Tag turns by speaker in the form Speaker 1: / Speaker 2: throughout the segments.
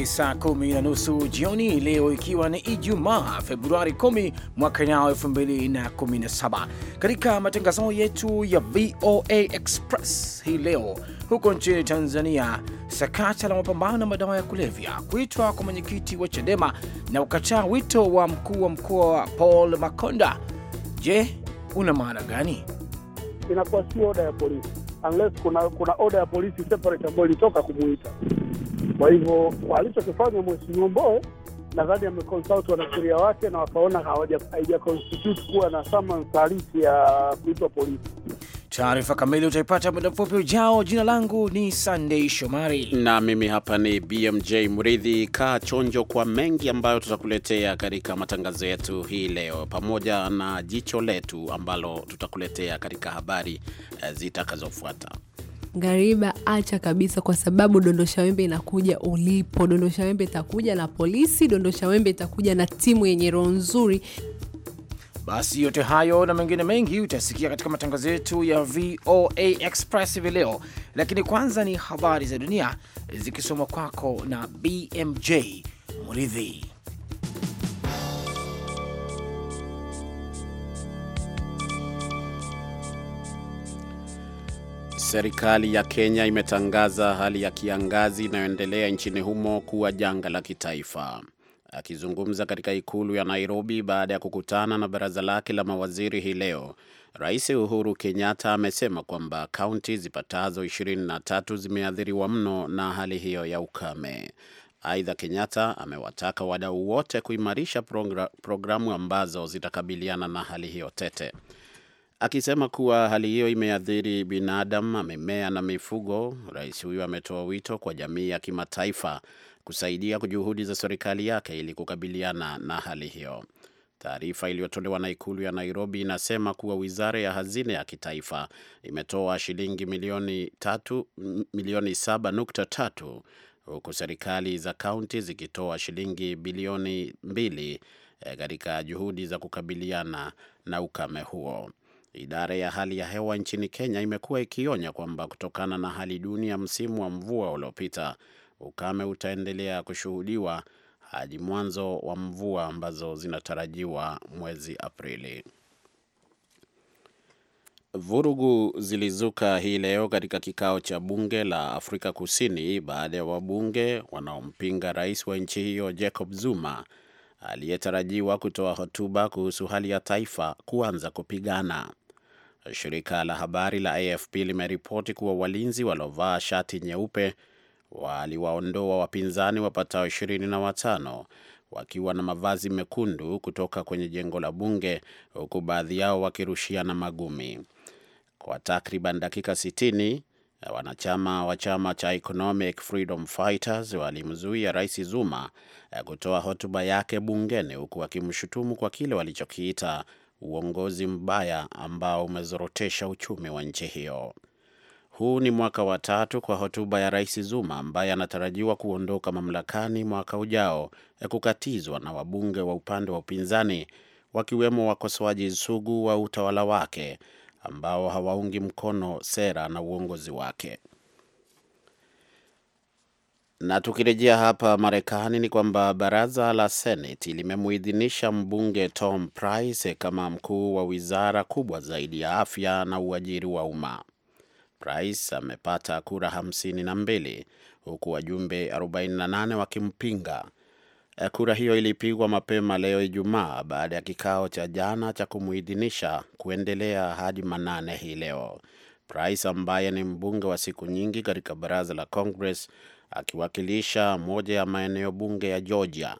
Speaker 1: ni saa kumi na nusu jioni leo, ikiwa ni Ijumaa Februari 10 mwaka nao 2017. Katika matangazo yetu ya VOA Express hii leo, huko nchini Tanzania, sakata la mapambano na madawa ya kulevya, kuitwa kwa mwenyekiti wa CHADEMA na ukataa wito wa mkuu wa mkoa Paul Makonda.
Speaker 2: Je, una
Speaker 1: maana gani?
Speaker 2: Inakuwa si oda ya polisi unless kuna, kuna oda ya polisi separate ambayo ilitoka kumuita kwa hivyo walichokifanya mheshimiwa mboe nadhani ameconsult wanasheria wake na wakaona haija kuwa na summons halisi ya kuitwa polisi.
Speaker 1: Taarifa kamili utaipata muda mfupi ujao. Jina langu ni sandei Shomari
Speaker 3: na mimi hapa ni BMJ Mridhi. Kaa chonjo kwa mengi ambayo tutakuletea katika matangazo yetu hii leo, pamoja na jicho letu ambalo tutakuletea katika habari eh, zitakazofuata.
Speaker 4: Ngariba, acha kabisa, kwa sababu dondosha wembe inakuja ulipo. Dondosha wembe itakuja na polisi, dondosha wembe itakuja na timu yenye roho nzuri.
Speaker 1: Basi yote hayo na mengine mengi utasikia katika matangazo yetu ya VOA Express hivi leo, lakini kwanza ni habari za dunia zikisomwa kwako na BMJ mridhi
Speaker 3: Serikali ya Kenya imetangaza hali ya kiangazi inayoendelea nchini humo kuwa janga la kitaifa. Akizungumza katika ikulu ya Nairobi baada ya kukutana na baraza lake la mawaziri hii leo, Rais Uhuru Kenyatta amesema kwamba kaunti zipatazo 23 zimeathiriwa mno na hali hiyo ya ukame. Aidha, Kenyatta amewataka wadau wote kuimarisha programu ambazo zitakabiliana na hali hiyo tete. Akisema kuwa hali hiyo imeathiri binadamu, mimea na mifugo, rais huyo ametoa wito kwa jamii ya kimataifa kusaidia juhudi za serikali yake ili kukabiliana na hali hiyo. Taarifa iliyotolewa na ikulu ya Nairobi inasema kuwa wizara ya hazina ya kitaifa imetoa shilingi milioni tatu, milioni saba nukta tatu huku serikali za kaunti zikitoa shilingi bilioni mbili eh, katika juhudi za kukabiliana na ukame huo. Idara ya hali ya hewa nchini Kenya imekuwa ikionya kwamba kutokana na hali duni ya msimu wa mvua uliopita, ukame utaendelea kushuhudiwa hadi mwanzo wa mvua ambazo zinatarajiwa mwezi Aprili. Vurugu zilizuka hii leo katika kikao cha bunge la Afrika Kusini baada ya wabunge wanaompinga rais wa nchi hiyo Jacob Zuma aliyetarajiwa kutoa hotuba kuhusu hali ya taifa kuanza kupigana. Shirika la habari la AFP limeripoti kuwa walinzi waliovaa shati nyeupe waliwaondoa wapinzani wapatao ishirini na watano wakiwa na mavazi mekundu kutoka kwenye jengo la bunge huku baadhi yao wakirushiana magumi kwa takriban dakika 60 Wanachama wa chama cha Economic Freedom Fighters walimzuia Rais Zuma eh, kutoa hotuba yake bungeni huku wakimshutumu kwa kile walichokiita uongozi mbaya ambao umezorotesha uchumi wa nchi hiyo. Huu ni mwaka wa tatu kwa hotuba ya Rais Zuma ambaye anatarajiwa kuondoka mamlakani mwaka ujao ya eh, kukatizwa na wabunge wa upande wa upinzani wakiwemo wakosoaji sugu wa utawala wake ambao hawaungi mkono sera na uongozi wake. Na tukirejea hapa Marekani ni kwamba baraza la Seneti limemuidhinisha mbunge Tom Price kama mkuu wa wizara kubwa zaidi ya afya na uajiri wa umma. Price amepata kura hamsini na mbili huku wajumbe 48 wakimpinga. Eh, kura hiyo ilipigwa mapema leo Ijumaa baada ya kikao cha jana cha kumuidhinisha kuendelea hadi manane hii leo. Price ambaye ni mbunge wa siku nyingi katika baraza la Congress akiwakilisha moja ya maeneo bunge ya Georgia.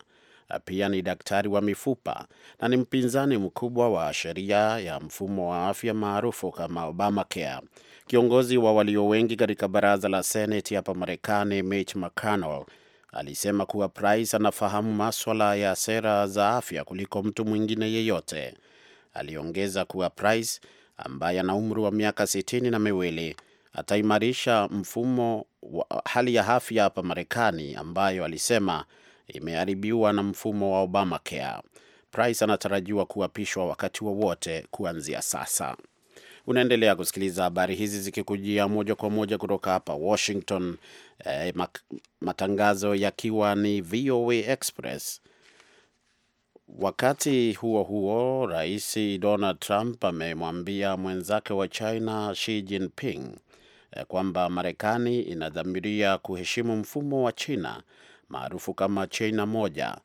Speaker 3: Pia ni daktari wa mifupa na ni mpinzani mkubwa wa sheria ya mfumo wa afya maarufu kama Obamacare. Kiongozi wa walio wengi katika baraza la seneti hapa Marekani, Mitch McConnell alisema kuwa Price anafahamu maswala ya sera za afya kuliko mtu mwingine yeyote. Aliongeza kuwa Price ambaye ana umri wa miaka sitini na miwili ataimarisha mfumo wa hali ya afya hapa Marekani ambayo alisema imeharibiwa na mfumo wa Obamacare. Price anatarajiwa kuapishwa wakati wowote wa kuanzia sasa. Unaendelea kusikiliza habari hizi zikikujia moja kwa moja kutoka hapa Washington, eh, matangazo yakiwa ni VOA Express. Wakati huo huo, Rais Donald Trump amemwambia mwenzake wa China Xi Jinping kwamba Marekani inadhamiria kuheshimu mfumo wa China maarufu kama China moja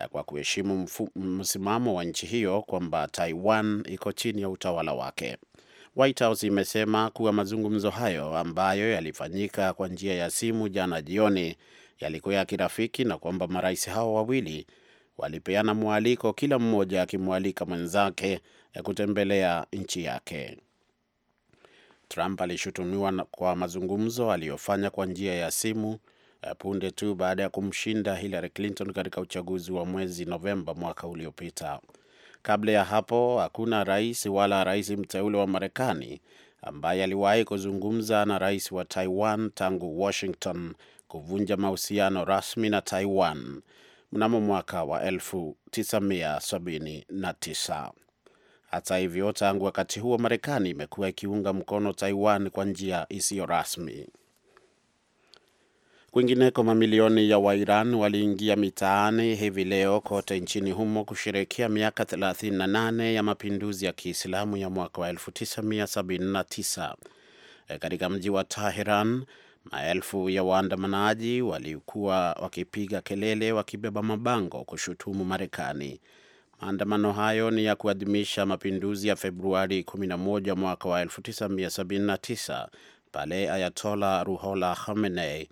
Speaker 3: eh, kwa kuheshimu msimamo wa nchi hiyo kwamba Taiwan iko chini ya utawala wake. White House imesema kuwa mazungumzo hayo ambayo yalifanyika kwa njia ya simu jana jioni yalikuwa ya kirafiki na kwamba marais hao wawili walipeana mwaliko, kila mmoja akimwalika mwenzake eh, kutembelea nchi yake. Trump alishutumiwa kwa mazungumzo aliyofanya kwa njia ya simu eh, punde tu baada ya kumshinda Hillary Clinton katika uchaguzi wa mwezi Novemba mwaka uliopita. Kabla ya hapo, hakuna rais wala rais mteule wa Marekani ambaye aliwahi kuzungumza na rais wa Taiwan tangu Washington kuvunja mahusiano rasmi na Taiwan mnamo mwaka wa 1979. Hata hivyo, tangu wakati huo Marekani imekuwa ikiunga mkono Taiwan kwa njia isiyo rasmi. Kwingineko, mamilioni ya Wairan waliingia mitaani hivi leo kote nchini humo kusherehekea miaka 38 ya mapinduzi ya Kiislamu ya mwaka wa 1979 e, katika mji wa Taheran. Maelfu ya waandamanaji walikuwa wakipiga kelele wakibeba mabango kushutumu Marekani. Maandamano hayo ni ya kuadhimisha mapinduzi ya Februari 11 mwaka wa 1979 pale Ayatola Ruhola Khamenei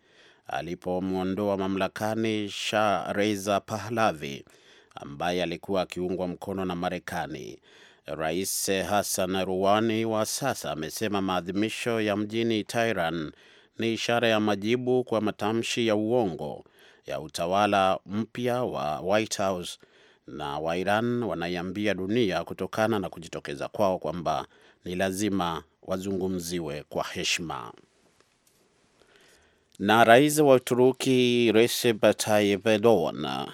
Speaker 3: alipomwondoa mamlakani Shah Reza Pahlavi ambaye alikuwa akiungwa mkono na Marekani. Rais Hassan Rouhani wa sasa amesema maadhimisho ya mjini Tehran ni ishara ya majibu kwa matamshi ya uongo ya utawala mpya wa White House na Wairan wanaiambia dunia kutokana na kujitokeza kwao kwamba ni lazima wazungumziwe kwa heshima. Na rais wa Uturuki Recep Tayyip Erdogan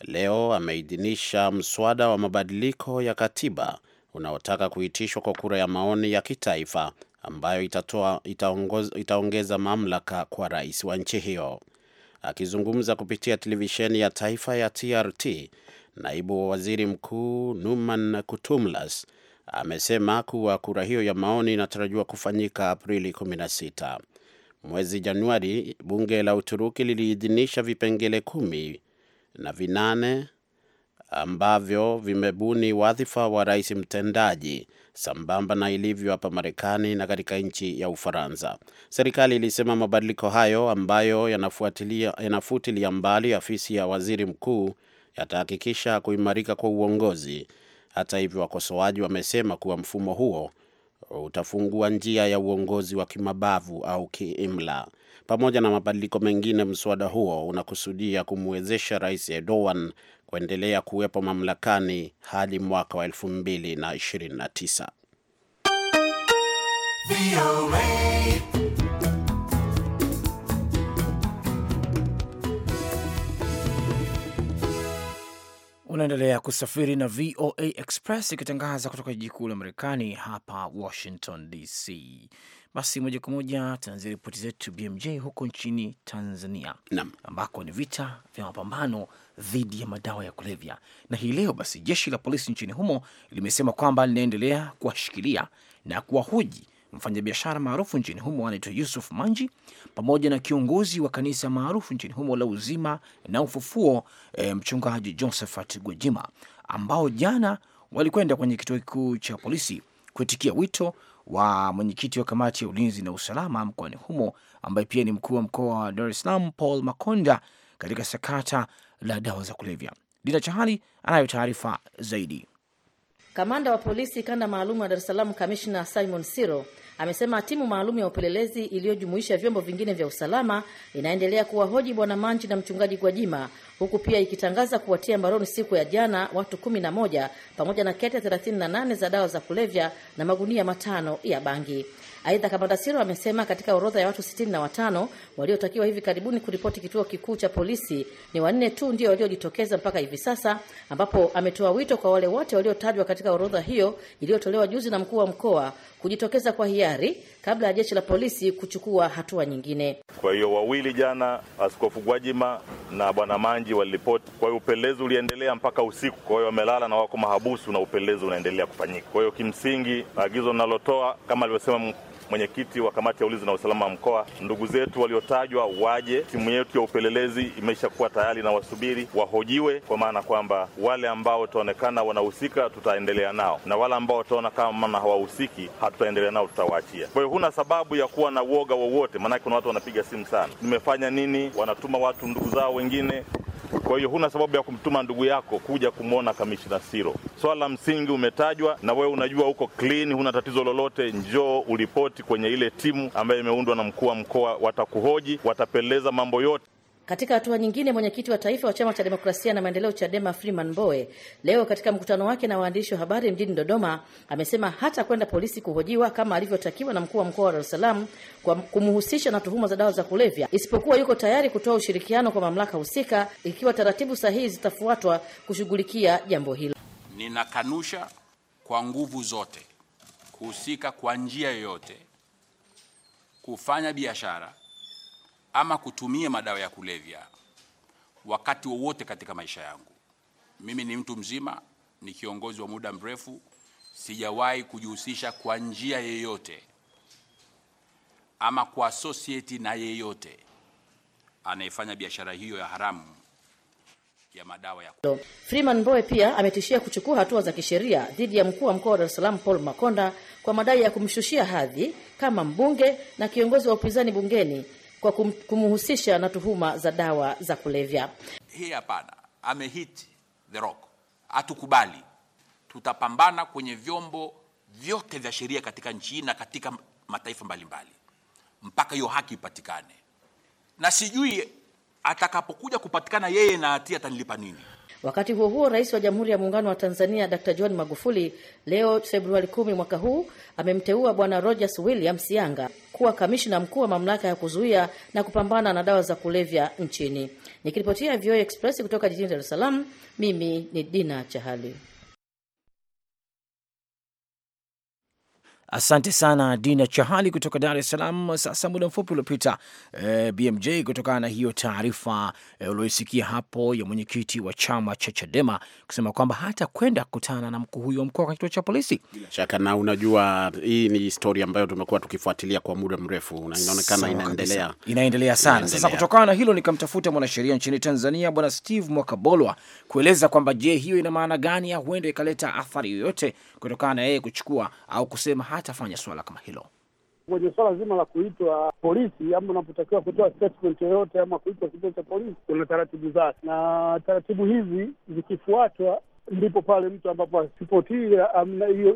Speaker 3: leo ameidhinisha mswada wa mabadiliko ya katiba unaotaka kuitishwa kwa kura ya maoni ya kitaifa ambayo itatoa, itaongeza mamlaka kwa rais wa nchi hiyo. Akizungumza kupitia televisheni ya taifa ya TRT, Naibu wa waziri mkuu Numan Kutumlas amesema kuwa kura hiyo ya maoni inatarajiwa kufanyika Aprili 16. Mwezi Januari, bunge la Uturuki liliidhinisha vipengele kumi na vinane ambavyo vimebuni wadhifa wa rais mtendaji sambamba na ilivyo hapa Marekani na katika nchi ya Ufaransa. Serikali ilisema mabadiliko hayo ambayo yanafutilia mbali afisi ya waziri mkuu yatahakikisha kuimarika kwa uongozi. Hata hivyo, wakosoaji wamesema kuwa mfumo huo utafungua njia ya uongozi wa kimabavu au kiimla. Pamoja na mabadiliko mengine, mswada huo unakusudia kumwezesha Rais Erdogan kuendelea kuwepo mamlakani hadi mwaka wa 229
Speaker 1: Unaendelea kusafiri na VOA Express ikitangaza kutoka jiji kuu la Marekani, hapa Washington DC. Basi moja kwa moja tunaanzia ripoti zetu BMJ huko nchini Tanzania Nam. ambako ni vita vya mapambano dhidi ya madawa ya kulevya, na hii leo basi jeshi la polisi nchini humo limesema kwamba linaendelea kuwashikilia na kuwahoji mfanyabiashara maarufu nchini humo anaitwa Yusuf Manji pamoja na kiongozi wa kanisa maarufu nchini humo la Uzima na Ufufuo, e, mchungaji Josephat Gwejima, ambao jana walikwenda kwenye kituo kikuu cha polisi kuitikia wito wa mwenyekiti wa kamati ya ulinzi na usalama mkoani humo ambaye pia ni mkuu wa mkoa wa Dar es Salaam Paul Makonda katika sakata la dawa za kulevya. Dina Chahali anayo taarifa zaidi.
Speaker 5: Kamanda wa polisi kanda maalum ya Dar es Salaam Kamishna Simon Siro amesema timu maalum ya upelelezi iliyojumuisha vyombo vingine vya usalama inaendelea kuwahoji Bwana Manji na mchungaji Gwajima, huku pia ikitangaza kuwatia mbaroni siku ya jana watu 11 pamoja na kete 38 za dawa za kulevya na magunia matano ya bangi. Aidha, kamanda Siro amesema katika orodha ya watu sitini na watano waliotakiwa hivi karibuni kuripoti kituo kikuu cha polisi ni wanne tu ndio waliojitokeza mpaka hivi sasa, ambapo ametoa wito kwa wale wote waliotajwa katika orodha hiyo iliyotolewa juzi na mkuu wa mkoa kujitokeza kwa hiari kabla ya jeshi la polisi kuchukua hatua nyingine.
Speaker 6: Kwa hiyo wawili jana, Askofu Gwajima na Bwana Manji waliripoti. Kwa hiyo upelelezi uliendelea mpaka usiku, kwa hiyo wamelala na wako mahabusu na upelelezi unaendelea kufanyika. Kwa hiyo kimsingi, agizo linalotoa kama alivyosema mwenyekiti wa kamati ya ulinzi na usalama wa mkoa, ndugu zetu waliotajwa waje. Timu yetu ya upelelezi imeshakuwa tayari na wasubiri wahojiwe, kwa maana kwamba wale ambao wataonekana wanahusika tutaendelea nao, na wale ambao wataona kama hawahusiki hatutaendelea nao, tutawaachia. Kwa hiyo huna sababu ya kuwa na uoga wowote, maanake kuna watu wanapiga simu sana, nimefanya nini? Wanatuma watu ndugu zao wengine kwa hiyo huna sababu ya kumtuma ndugu yako kuja kumwona kamishina Siro. Swala la msingi umetajwa na wewe unajua uko clean, huna tatizo lolote, njoo uripoti kwenye ile timu ambayo imeundwa na mkuu wa mkoa, watakuhoji, watapeleza mambo yote.
Speaker 5: Katika hatua nyingine, mwenyekiti wa taifa wa chama cha demokrasia na maendeleo Chadema Freeman Mbowe leo katika mkutano wake na waandishi wa habari mjini Dodoma amesema hata kwenda polisi kuhojiwa kama alivyotakiwa na mkuu wa mkoa wa Dar es Salaam kwa kumhusisha na tuhuma za dawa za kulevya, isipokuwa yuko tayari kutoa ushirikiano kwa mamlaka husika ikiwa taratibu sahihi zitafuatwa kushughulikia jambo hilo.
Speaker 7: Ninakanusha kwa nguvu zote kuhusika kwa njia yoyote kufanya biashara ama kutumia madawa ya kulevya wakati wowote katika maisha yangu. Mimi ni mtu mzima, ni kiongozi wa muda mrefu, sijawahi kujihusisha kwa njia yeyote ama kwa associate na yeyote anayefanya biashara hiyo ya haramu
Speaker 5: ya madawa ya kulevya. Freeman Mbowe pia ametishia kuchukua hatua za kisheria dhidi ya mkuu wa mkoa wa Dar es Salaam Paul Makonda kwa madai ya kumshushia hadhi kama mbunge na kiongozi wa upinzani bungeni kwa kumhusisha na tuhuma za dawa za kulevya.
Speaker 7: Hii hapana, amehiti the rock. Hatukubali, tutapambana kwenye vyombo vyote vya sheria katika nchi hii na katika mataifa mbalimbali mpaka hiyo haki ipatikane, na sijui atakapokuja kupatikana yeye na hatia
Speaker 5: atanilipa nini. Wakati huo huo, rais wa Jamhuri ya Muungano wa Tanzania Dr John Magufuli leo Februari 10 mwaka huu amemteua Bwana Rogers William Sianga kuwa kamishna mkuu wa mamlaka ya kuzuia na kupambana na dawa za kulevya nchini. Nikiripotia VOA e Express kutoka jijini Dar es Salaam, mimi ni Dina Chahali.
Speaker 1: Asante sana Dina Chahali kutoka Dar es Salaam. Sasa muda mfupi uliopita e, eh, BMJ, kutokana na hiyo taarifa e, eh, ulioisikia hapo ya mwenyekiti wa chama cha Chadema kusema kwamba hata kwenda kukutana na mkuu huyo mkoa wa kituo cha polisi
Speaker 3: shaka. Na unajua hii ni historia ambayo tumekuwa tukifuatilia kwa muda mrefu na inaonekana inaendelea, inaendelea sana inaendelea. Sasa
Speaker 1: kutokana na hilo nikamtafuta mwanasheria nchini Tanzania Bwana Steve Mwakabolwa kueleza kwamba je, hiyo ina maana gani, ya huenda ikaleta athari yoyote kutokana na yeye kuchukua au kusema atafanya suala kama hilo
Speaker 2: kwenye swala zima la kuitwa polisi ama unapotakiwa kutoa statement yoyote ama kuitwa kituo cha polisi, kuna taratibu zake, na taratibu hizi zikifuatwa, ndipo pale mtu ambapo asipotii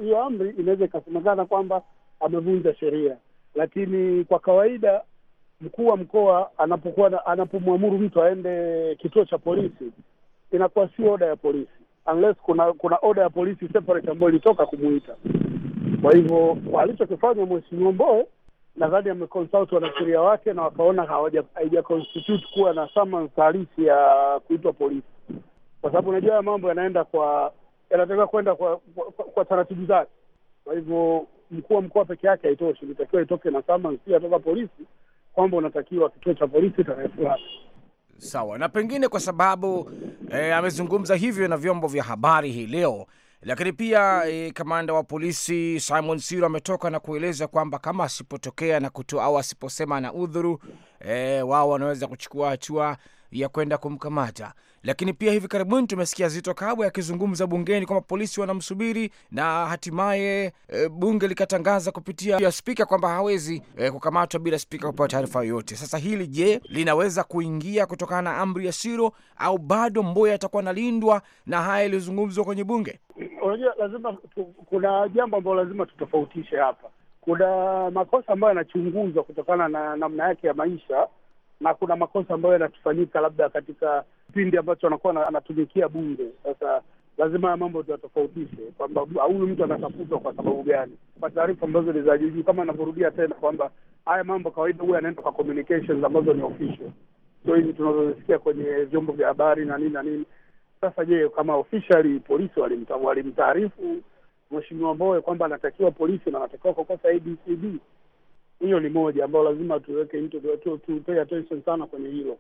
Speaker 2: hiyo amri inaweza ikasemekana kwamba amevunja sheria. Lakini kwa kawaida mkuu wa mkoa anapokuwa anapomwamuru mtu aende kituo cha polisi, inakuwa si oda ya polisi unless kuna kuna oda ya polisi separate ambayo ilitoka kumuita kwa hivyo alichokifanya mheshimiwa Mbowe nadhani ameconsult wanasheria wake na wakaona haija constitute kuwa na summons halisi ya kuitwa polisi, kwa sababu unajua haya mambo yanaenda kwa yanatakiwa kwenda kwa, kwa, kwa, kwa taratibu zake. Kwa hivyo mkuu wa mkoa peke yake haitoshi, ilitakiwa itoke na summons pia toka polisi kwamba unatakiwa kituo cha polisi tarehe fulani.
Speaker 1: Sawa, na pengine kwa sababu eh, amezungumza hivyo na vyombo vya habari hii leo lakini pia e, kamanda wa polisi Simon Siro ametoka na kueleza kwamba kama asipotokea na kutoa au asiposema na udhuru e, wao wanaweza kuchukua hatua ya kwenda kumkamata. Lakini pia hivi karibuni tumesikia Zito Kabwe akizungumza bungeni kwamba polisi wanamsubiri na hatimaye e, bunge likatangaza kupitia ya spika kwamba hawezi e, kukamatwa bila spika kupewa taarifa yoyote. Sasa hili je, linaweza kuingia kutokana na amri ya Siro au bado Mboya atakuwa analindwa na haya yaliyozungumzwa kwenye bunge?
Speaker 2: Unajua, lazima kuna jambo ambalo lazima tutofautishe hapa. Kuna makosa ambayo yanachunguzwa kutokana na namna yake ya maisha na kuna makosa ambayo yanatufanyika labda katika kipindi ambacho anakuwa anatumikia Bunge. Sasa lazima haya mambo tuyatofautishe, kwamba huyu mtu anatafutwa kwa sababu gani, kwa taarifa ambazo ni za juujuu, kama anavyorudia tena kwamba haya mambo kawaida huwa yanaenda kwa communications ambazo ni official, so hizi tunazozisikia kwenye vyombo vya habari na nini na nini. Sasa je, kama officially polisi walimtaarifu Mheshimiwa Mbowe kwamba anatakiwa polisi na anatakiwa kukosa ABCD hiyo ni moja ambayo lazima tuweke into tu pay attention sana kwenye hilo,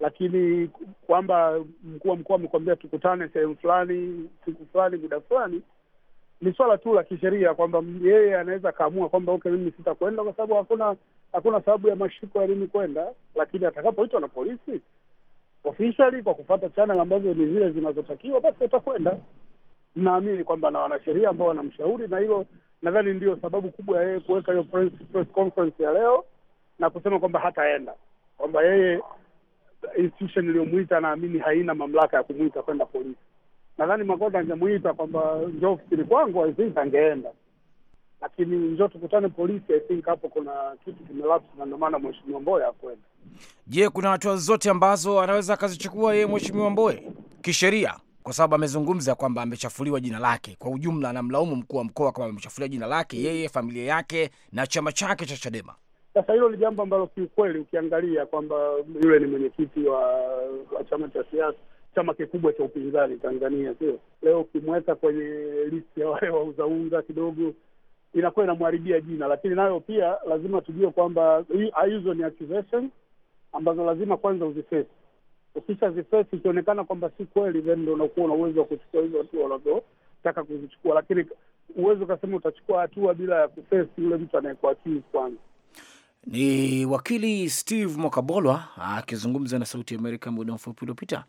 Speaker 2: lakini kwamba mkuu wa mkoa amekwambia tukutane sehemu fulani siku fulani muda fulani, ni swala tu la kisheria kwamba yeye anaweza akaamua kwamba okay, mimi sitakwenda kwa sababu hakuna hakuna sababu ya mashiko ya mimi kwenda, lakini atakapoitwa na polisi officially kwa kufata channel ambazo ni zile zinazotakiwa, basi atakwenda. Naamini kwamba na wanasheria ambao wanamshauri na hilo nadhani ndio sababu kubwa ya yeye kuweka hiyo press, conference ya leo na kusema kwamba hataenda, kwamba yeye institution iliyomwita naamini haina mamlaka ya kumwita kwenda polisi. Nadhani magoda angemuita kwamba njoo ofisini kwangu, I think angeenda, lakini njoo tukutane polisi, I think hapo kuna kitu kimelapsi, na ndio maana mheshimiwa mboye akwenda
Speaker 1: Je, kuna hatua zote ambazo anaweza akazichukua yeye mheshimiwa mboye kisheria? kwa sababu amezungumza kwamba amechafuliwa jina lake kwa ujumla, anamlaumu mkuu wa mkoa kwamba amechafuliwa jina lake yeye, familia yake na chama chake cha Chadema.
Speaker 2: Sasa hilo ni jambo ambalo kiukweli, ukiangalia kwamba yule ni mwenyekiti wa, wa chama cha siasa, chama kikubwa cha upinzani Tanzania, sio leo, ukimweka kwenye listi ya wale wauzaunga kidogo inakuwa inamharibia jina, lakini nayo pia lazima tujue kwamba hizo ni accusation ambazo lazima kwanza uzifesi Ukisha zifesi ikionekana kwamba si kweli, then ndo unakuwa na uwezo wa kuchukua hizo hatua unavyotaka kuzichukua, lakini uwezo ukasema utachukua hatua bila ya kufesi yule mtu anayekuakili kwanza.
Speaker 1: Ni wakili Steve Mwakabolwa akizungumza na Sauti ya Amerika muda mfupi uliopita.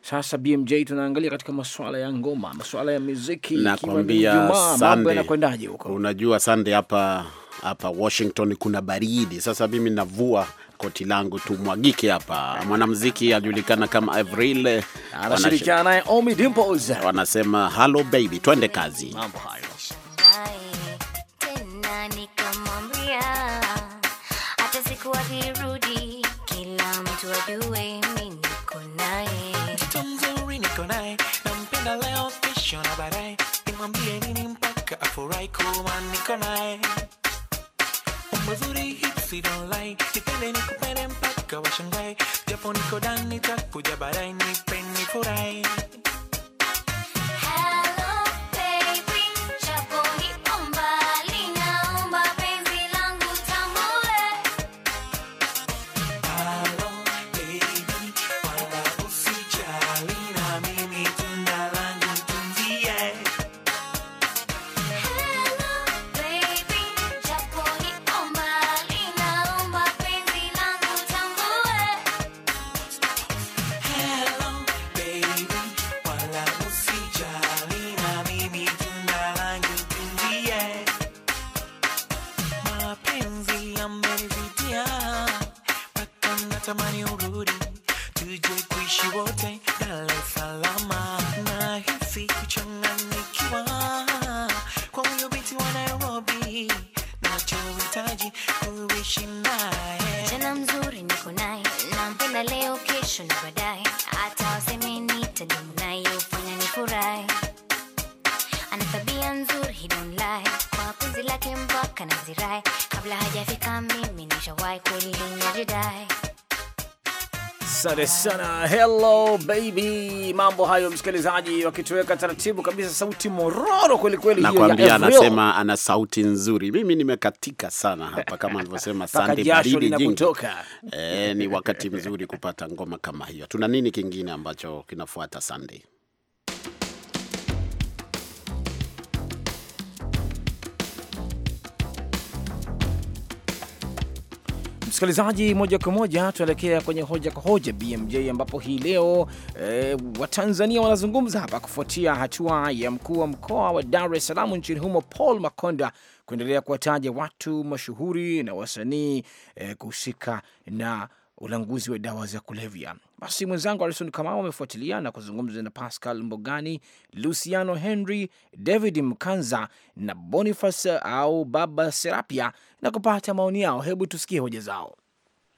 Speaker 1: Sasa BMJ, tunaangalia katika masuala ya ngoma, masuala ya muziki, nakwambia mambo yanakwendaje
Speaker 3: huko. Unajua Sande, hapa hapa Washington kuna baridi. Sasa mimi navua koti langu tumwagike hapa. Mwanamuziki ajulikana kama Avril eh, anashirikiana naye Omi Dimples, wanasema halo baby, twende kazi. Mambo hayo
Speaker 7: niko naye Mazuri hits you don't like Kipeleni kupere mpaka washangae Japo niko ndani takuja baadaye nipeni
Speaker 2: furahi
Speaker 1: Asante sana, hello baby. Mambo hayo msikilizaji, wakitoweka taratibu kabisa, sauti mororo kweli kweli, ya anasema
Speaker 3: ana sauti nzuri. Mimi nimekatika sana hapa kama alivyosema Sunday Bidii. Eh, ni wakati mzuri kupata ngoma kama hiyo. Tuna nini kingine ambacho kinafuata Sunday? Msikilizaji,
Speaker 1: moja kwa moja tuelekea kwenye hoja kwa hoja BMJ, ambapo hii leo e, Watanzania wanazungumza hapa kufuatia hatua ya mkuu wa mkoa wa Dar es Salaam nchini humo Paul Makonda kuendelea kuwataja watu mashuhuri na wasanii e, kuhusika na ulanguzi wa dawa za kulevya. Basi mwenzangu Harison Kamau amefuatilia na kuzungumza na Pascal Mbogani, Luciano Henry, David Mkanza na Boniface au Baba Serapia na kupata maoni yao. Hebu tusikie hoja zao.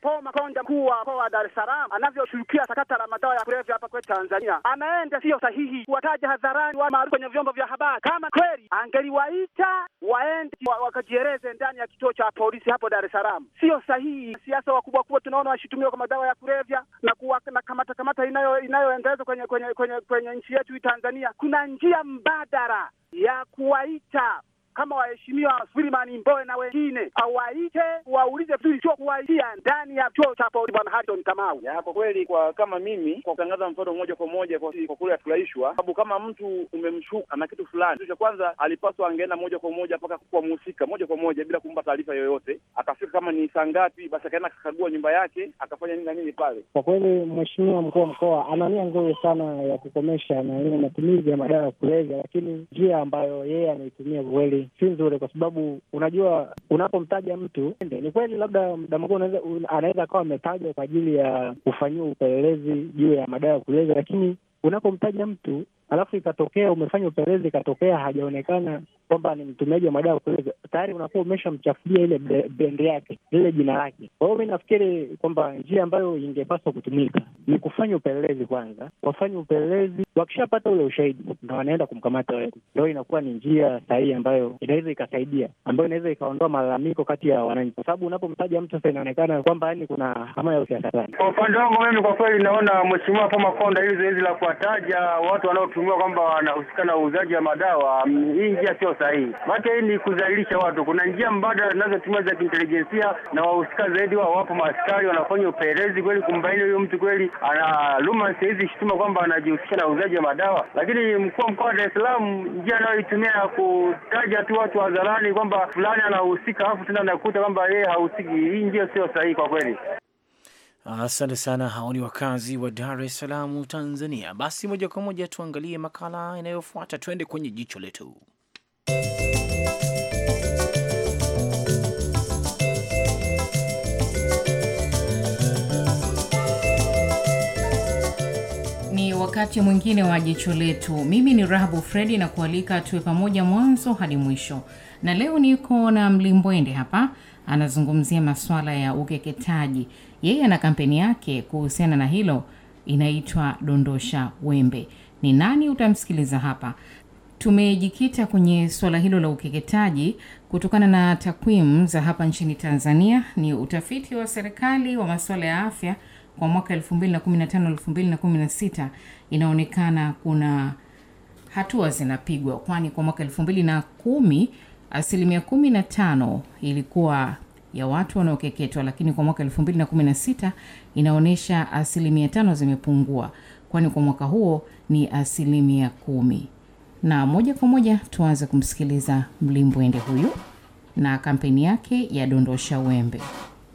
Speaker 2: Paul Makonda, mkuu wa mkoa wa Dar es Salaam, anavyoshughulikia sakata la madawa ya kulevya hapa kwetu Tanzania, anaenda sio sahihi kuwataja hadharani wa maarufu kwenye vyombo vya habari. Kama kweli angeliwaita waende wakajieleze ndani ya kituo cha polisi hapo Dar es Salaam. Sio sahihi. Siasa wakubwa kubwa tunaona washutumiwa kwa madawa ya kulevya na kuwa na kamata kamata inayo inayoendelezwa kwenye kwenye kwenye, kwenye nchi yetu Tanzania. Kuna njia mbadala ya kuwaita kama waheshimiwa Freeman Mbowe na wengine awaite, waulize sio vilivyokuwaia ndani ya chuo cha polisi. Bwana Harrison Kamau, kwa kweli, kwa kama mimi, kwa kutangaza mfano moja kwa moja kwa kule atulaishwa, sababu kama mtu umemshuka ana kitu fulani, kitu cha kwanza alipaswa angeenda moja kwa moja mpaka kwa mhusika moja kwa moja bila kumpa taarifa yoyote, akafika kama ni saa ngapi, basi akaenda akakagua nyumba yake akafanya nini na nini pale. Kwa kweli, mheshimiwa mkuu wa mkoa ana nia nzuri sana ya kukomesha na ile matumizi ya madawa ya kulevya, lakini njia ambayo yeye anaitumia kweli si nzuri, kwa sababu unajua unapomtaja mtu ni kweli, labda mda mwingine anaweza akawa ametajwa kwa ajili ya kufanyiwa upelelezi juu ya madawa ya kulevya, lakini unapomtaja mtu alafu ikatokea umefanya upelezi, ikatokea hajaonekana kwamba ni mtumiaji wa madawa kulevya, tayari unakuwa umeshamchafulia ile bendi yake, lile jina lake. Kwa hiyo mi nafikiri kwamba njia ambayo ingepaswa kutumika ni kufanya upelelezi kwanza, wafanye upelelezi, wakishapata ule ushahidi ndo wanaenda kumkamata wewe. Ndo inakuwa ni njia sahihi ambayo inaweza ikasaidia, ambayo inaweza ikaondoa malalamiko kati ya wananchi, kwa sababu unapomtaja mtu sasa inaonekana kwamba yani kuna hama ya usiasa. Kwa upande wangu mimi, kwa kweli naona mheshimiwa Paul Makonda, hili zoezi la kuwataja watu wanao kutumiwa kwamba wanahusika na uuzaji wa madawa, mm, hii njia sio sahihi, maana hii ni kudhalilisha watu. Kuna njia mbadala zinazotumia za kiintelijensia, na wahusika zaidi wao wapo maaskari, wanafanya upelelezi kweli kumbaini huyu mtu kweli ana luma hizi shutuma kwamba anajihusisha na uuzaji wa madawa. Lakini mkuu wa mkoa wa Dar es Salaam njia anayoitumia kutaja tu watu hadharani kwamba fulani anahusika, alafu tena anakuta kwamba yeye hahusiki, hii njia sio sahihi kwa kweli.
Speaker 1: Asante sana. Hao ni wakazi wa Dar es Salaam, Tanzania. Basi moja kwa moja tuangalie makala inayofuata, tuende kwenye jicho letu.
Speaker 8: Ni wakati mwingine wa jicho letu. Mimi ni Rahabu Fredi na kualika tuwe pamoja mwanzo hadi mwisho, na leo niko na Mlimbwende hapa anazungumzia masuala ya ukeketaji. Yeye ana kampeni yake kuhusiana na hilo inaitwa Dondosha Wembe. Ni nani? Utamsikiliza hapa. Tumejikita kwenye suala hilo la ukeketaji kutokana na takwimu za hapa nchini Tanzania. Ni utafiti wa serikali wa masuala ya afya kwa mwaka 2015 inaonekana kuna hatua zinapigwa, kwani kwa mwaka 21 asilimia 15 ilikuwa ya watu wanaokeketwa, lakini kwa mwaka 2016 inaonyesha asilimia tano zimepungua, kwani kwa mwaka huo ni asilimia kumi. Na moja kwa moja tuanze kumsikiliza mlimbwende huyu na kampeni yake ya dondosha wembe.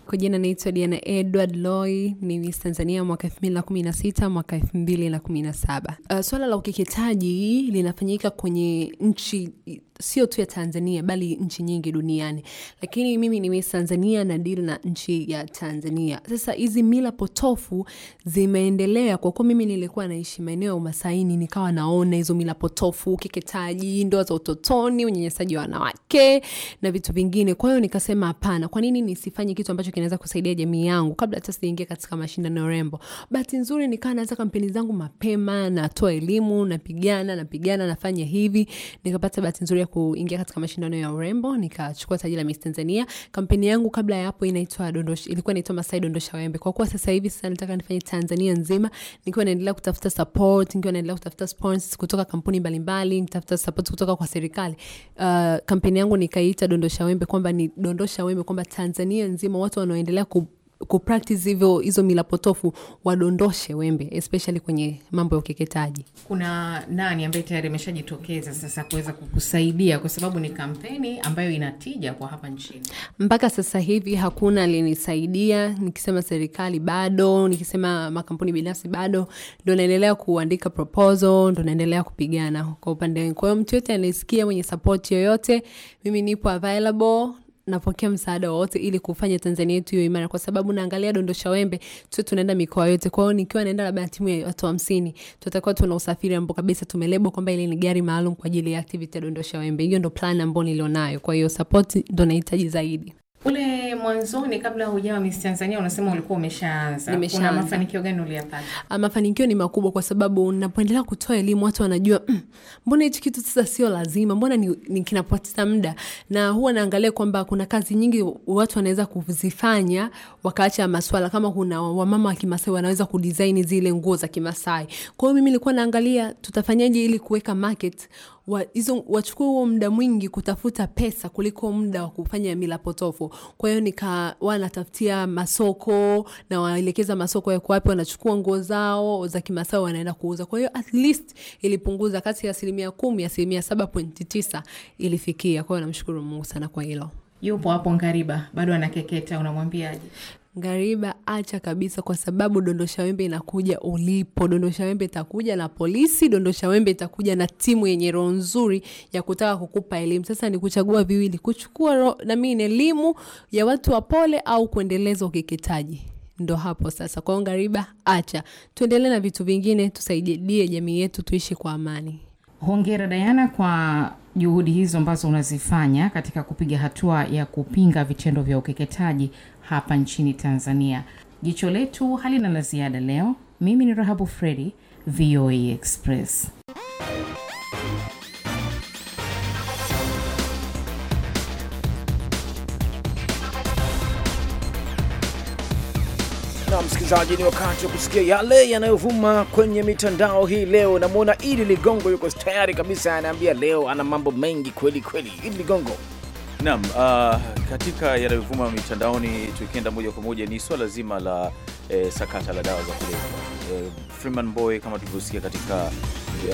Speaker 4: Kwa jina naitwa Diana Edward Loy, ni Miss Tanzania mwaka 2016 mwaka 2017. Uh, swala la ukeketaji linafanyika kwenye nchi sio tu ya Tanzania bali nchi nyingi duniani, lakini mimi ni Miss Tanzania na deal na nchi ya Tanzania. Sasa hizi mila potofu zimeendelea, kwa kuwa mimi nilikuwa naishi maeneo ya Umasaini, nikawa naona hizo mila potofu, ukeketaji, ndoa za utotoni, unyenyesaji wa wanawake na vitu vingine. Kwa hiyo nikasema hapana, kwa nini nisifanye kitu ambacho kinaweza kusaidia jamii yangu kabla hata sijaingia katika mashindano ya urembo? Bahati nzuri nikawa naanza kampeni zangu mapema, natoa elimu, napigana, napigana, nafanya hivi, nikapata bahati nzuri ya kuingia katika mashindano ya urembo nikachukua taji la Miss Tanzania. Kampeni yangu kabla ya hapo inaitwa dondosha, ilikuwa inaitwa Masai dondosha wembe. Kwa kuwa sasa hivi sasa nataka nifanye Tanzania nzima, nikiwa naendelea kutafuta support, nikiwa naendelea kutafuta sponsors kutoka kampuni mbalimbali, nitafuta support kutoka kwa serikali. Uh, kampeni yangu nikaita dondosha wembe, kwamba ni dondosha wembe kwamba Tanzania nzima watu wanaoendelea ku kupractice hivyo hizo mila potofu wadondoshe wembe especially kwenye mambo ya ukeketaji.
Speaker 8: Kuna nani ambaye tayari ameshajitokeza sasa kuweza kukusaidia, kwa sababu ni kampeni ambayo inatija kwa hapa nchini?
Speaker 4: Mpaka sasa hivi hakuna alinisaidia nikisema serikali bado, nikisema makampuni binafsi bado, ndo naendelea kuandika proposal, ndo naendelea kupigana kwa upande wangu. Kwa hiyo mtu yote anayesikia mwenye support yoyote, mimi nipo available napokea msaada wowote ili kufanya Tanzania yetu hiyo imara, kwa sababu naangalia dondosha wembe tu, tunaenda mikoa yote. Kwa hiyo nikiwa naenda labda timu ya watu hamsini, tutakuwa tuna usafiri ambao kabisa tumelebo kwamba ile ni gari maalum kwa ajili ya activity ya dondosha wembe. Hiyo ndo plan ambayo nilionayo, kwa hiyo support ndo nahitaji zaidi.
Speaker 8: Ule mwanzoni kabla hujawa Miss Tanzania unasema
Speaker 4: ulikuwa umeshaanza. Kuna mafanikio gani uliyapata? Ah, mafanikio ni makubwa kwa sababu napoendelea kutoa elimu watu wanajua mm, mbona hichi kitu sasa sio lazima, mbona ni, ni kinapoteza muda. Na huwa naangalia kwamba kuna kazi nyingi watu wanaweza kuzifanya wakaacha maswala, kama kuna wamama wa Kimasai wanaweza kudesign zile nguo za Kimasai. Kwa hiyo mimi nilikuwa naangalia tutafanyaje ili kuweka market wa, wachukua huo muda mwingi kutafuta pesa kuliko muda wa kufanya mila potofu. Kwa hiyo nika wanatafutia masoko na waelekeza masoko ya kuwapi wanachukua nguo zao za kimasao wanaenda kuuza. Kwa hiyo at least ilipunguza kati ya asilimia kumi asilimia saba pointi tisa ilifikia. Kwa hiyo namshukuru Mungu sana kwa hilo. Yupo hapo Ngariba bado anakeketa, unamwambiaje? Ngariba, acha kabisa, kwa sababu dondosha wembe inakuja ulipo. Dondosha wembe itakuja na polisi, dondosha wembe itakuja na timu yenye roho nzuri ya kutaka kukupa elimu. Sasa ni kuchagua viwili, kuchukua na nami elimu ya watu wa pole au kuendeleza ukeketaji. Ndo hapo sasa. Kwa hiyo Ngariba, acha tuendelee na vitu vingine, tusaidie jamii yetu, tuishi kwa amani.
Speaker 8: Hongera Dayana kwa juhudi hizo ambazo unazifanya katika kupiga hatua ya kupinga vitendo vya ukeketaji hapa nchini Tanzania. Jicho letu halina la ziada leo. Mimi ni Rahabu Fredi, VOA Express.
Speaker 1: msikilizaji, ni wakati wa kusikia yale yanayovuma kwenye mitandao hii leo. Namwona Idi Ligongo yuko tayari kabisa, anaambia leo ana mambo mengi kweli kweli. Idi Ligongo.
Speaker 7: Naam, uh, katika yanayovuma mitandaoni tukienda moja kwa moja ni swala zima la eh, sakata la dawa za kulevya eh, Freeman Boy kama tulivyosikia katika uh,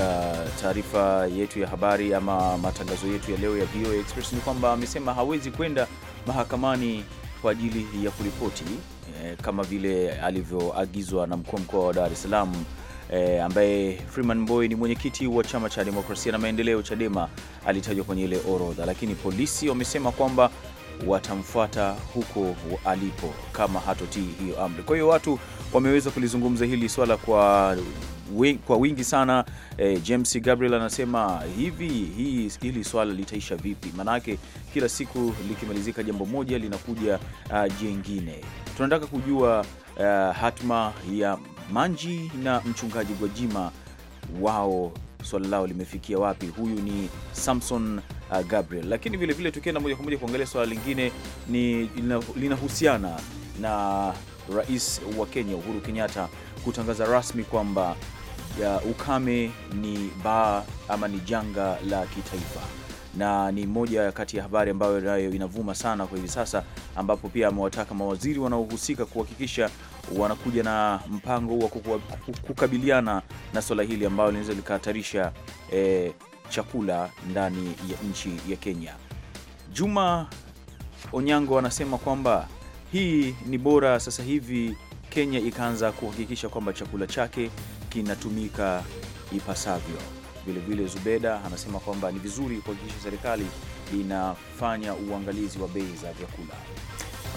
Speaker 7: taarifa yetu ya habari ama matangazo yetu ya leo ya VOA Express ni kwamba amesema hawezi kwenda mahakamani kwa ajili ya kuripoti eh, kama vile alivyoagizwa na mkuu wa mkoa wa Dar es Salaam e, ambaye Freeman boy ni mwenyekiti wa chama cha demokrasia na maendeleo Chadema, alitajwa kwenye ile orodha, lakini polisi wamesema kwamba watamfuata huko alipo kama hatotii hiyo amri. Kwa hiyo watu wameweza kulizungumza hili swala kwa wingi, kwa wingi sana. E, James Gabriel anasema hivi hii, hili swala litaisha vipi? Maanake kila siku likimalizika jambo moja linakuja uh, ah, jingine. Tunataka kujua uh, ah, hatma ya Manji na mchungaji Gwajima, wao swala lao limefikia wapi? Huyu ni Samson uh, Gabriel. Lakini vilevile tukienda moja kwa moja kuangalia swala lingine ni linahusiana na rais wa Kenya Uhuru Kenyatta kutangaza rasmi kwamba ukame ni baa ama ni janga la kitaifa na ni moja kati ya habari ambayo nayo inavuma sana kwa hivi sasa, ambapo pia amewataka mawaziri wanaohusika kuhakikisha wanakuja na mpango wa kukabiliana na swala hili ambalo linaweza likahatarisha e, chakula ndani ya nchi ya Kenya. Juma Onyango anasema kwamba hii ni bora sasa hivi Kenya ikaanza kuhakikisha kwamba chakula chake kinatumika ipasavyo. Vilevile Zubeda anasema kwamba ni vizuri kuhakikisha serikali inafanya uangalizi wa bei za vyakula.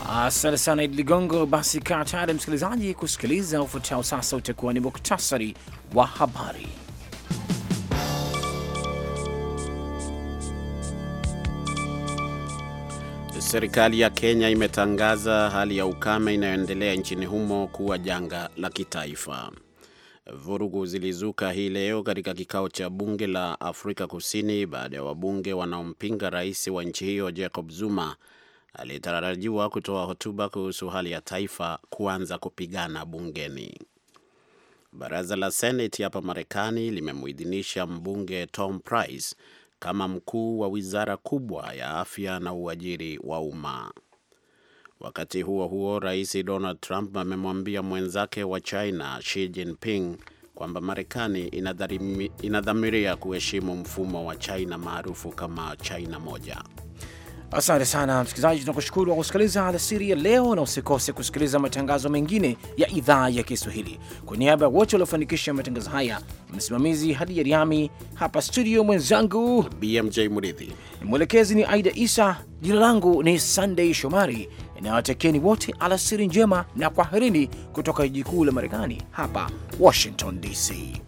Speaker 1: Asante sana Idi Ligongo. Basi kaa tayari msikilizaji kusikiliza ufuatao. Sasa utakuwa ni muktasari wa habari.
Speaker 3: Serikali ya Kenya imetangaza hali ya ukame inayoendelea nchini humo kuwa janga la kitaifa. Vurugu zilizuka hii leo katika kikao cha bunge la Afrika Kusini baada ya wabunge wanaompinga rais wa nchi hiyo Jacob Zuma aliyetarajiwa kutoa hotuba kuhusu hali ya taifa kuanza kupigana bungeni. Baraza la Seneti hapa Marekani limemuidhinisha mbunge Tom Price kama mkuu wa wizara kubwa ya afya na uajiri wa umma. Wakati huo huo, Rais Donald Trump amemwambia mwenzake wa China Xi Jinping kwamba Marekani inadhamiria kuheshimu mfumo wa China maarufu kama China moja. Asante sana msikilizaji, tunakushukuru kwa kusikiliza alasiri ya leo, na usikose kusikiliza matangazo
Speaker 1: mengine ya idhaa ya Kiswahili. Kwa niaba ya wote waliofanikisha matangazo haya, msimamizi Hadi Yariami, hapa studio mwenzangu BMJ Muridhi, mwelekezi ni Aida Isa, jina langu ni Sunday Shomari, inayowatekeni wote alasiri njema na kwaherini, kutoka jiji kuu la Marekani hapa Washington DC.